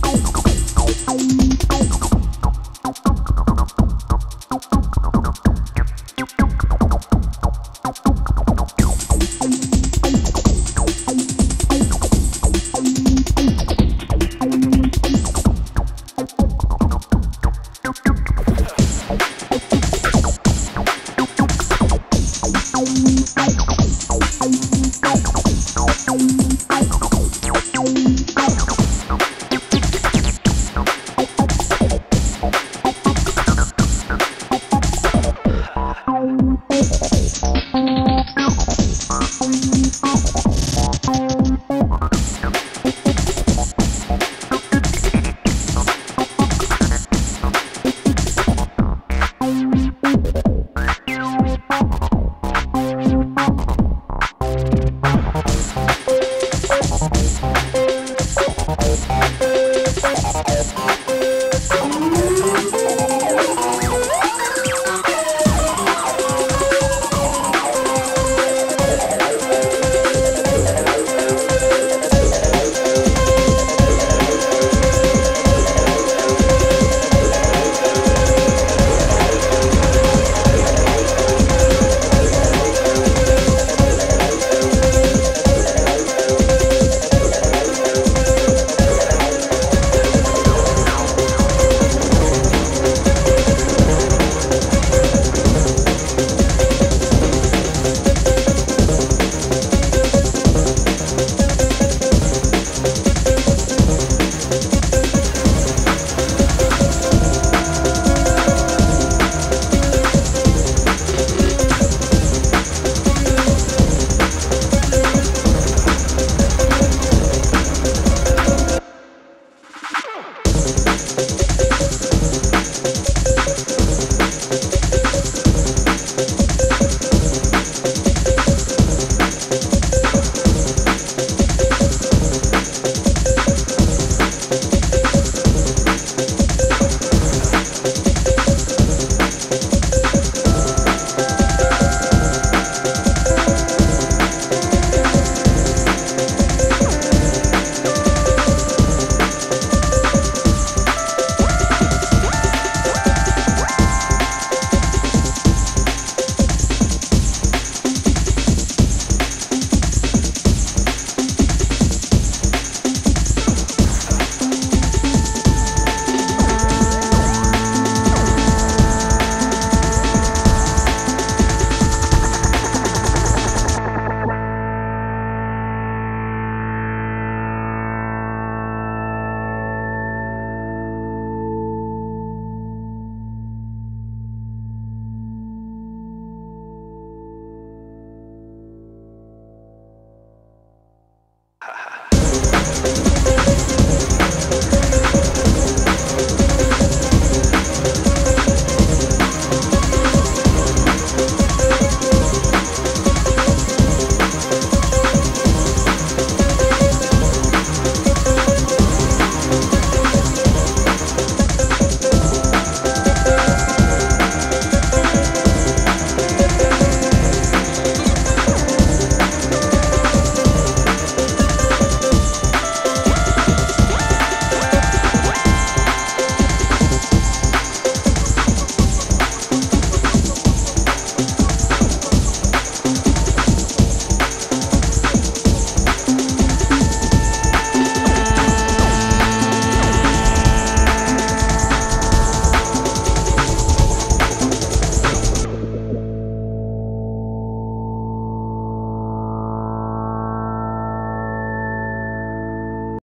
Don't go. Thank you.